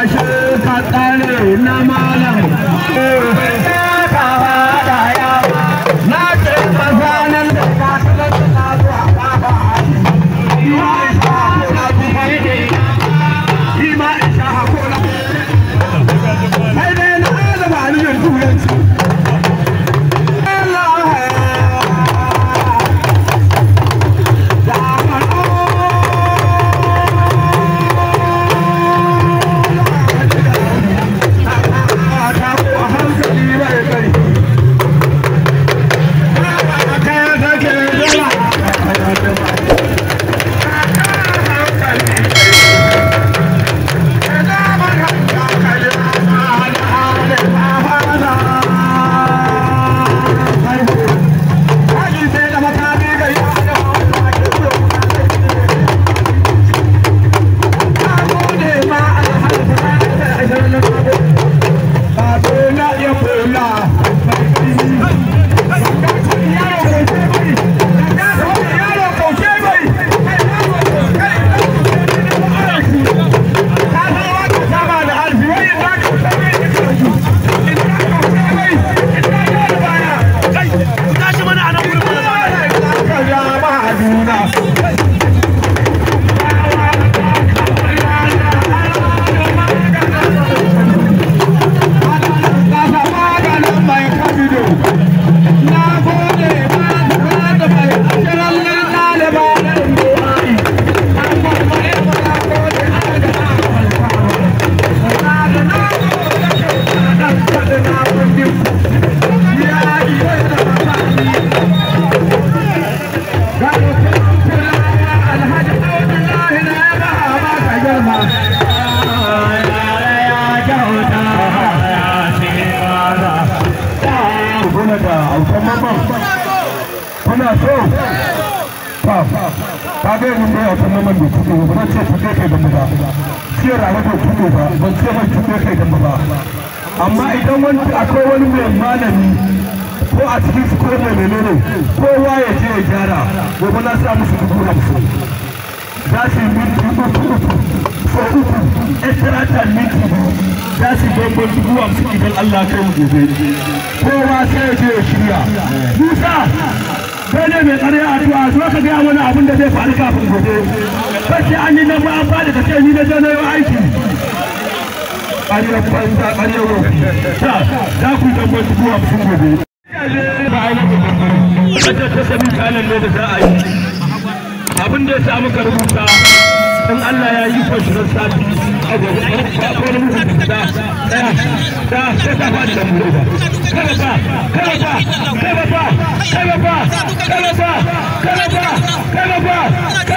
ashe ka tsare na malam zai yi sai a kuma man bai kuɗe ba ban ce kuɗe kai dan ba ce rana bai kuɗe ba ban ce man kuɗe kai dan ba amma idan a akwai wani mai malami ko a cikin su ko kowa ya je ya gyara gobe na sa musu dubu hamsin za su yi minti uku uku so uku extra minti Allah kai mu gobe ya je ya shirya Musa kai ne mai tsare tuwa zo ka gaya mana abun da zai faru kafin gobe sai an yi nan ma an bada kace ni na je na yi aiki kuma banza ƙariyar wofi ta za ku dan wasu zuwa sun gobe da za a yi abin da ya sa muka rubuta in Allah ya yi kwashi na sati a gobe ba ko ta ta ta ta ta ta ta ta ta ta ta ta karata karata kai babba kai babba kai babba kai babba kai babba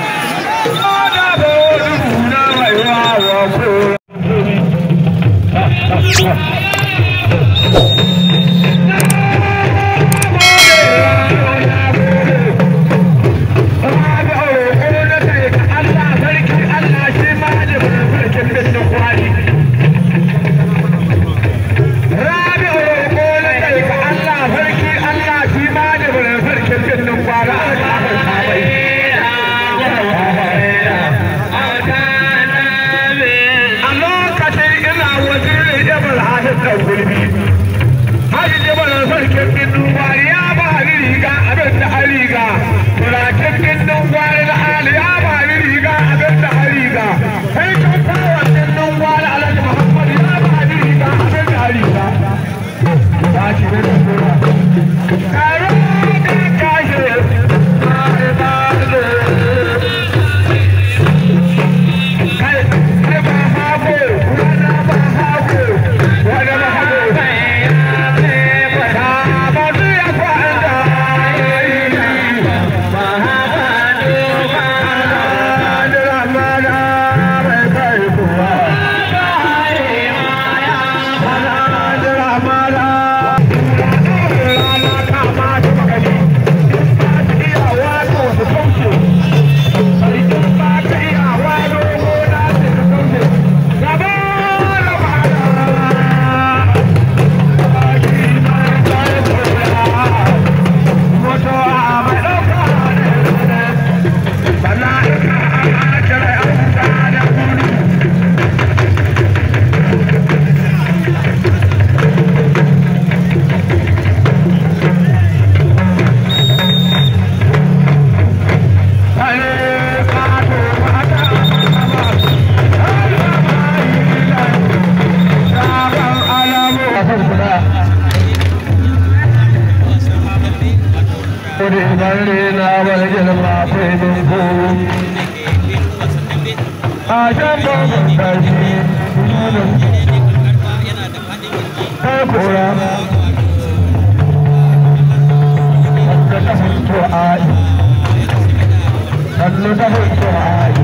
kwari ya ba ni riga abin da nan na ali ya ba riga abin kai nan alhaji muhammad ya ba ni riga a can babban ƙarfi ta kora wanda ta fito a yi wanda ta fito a yi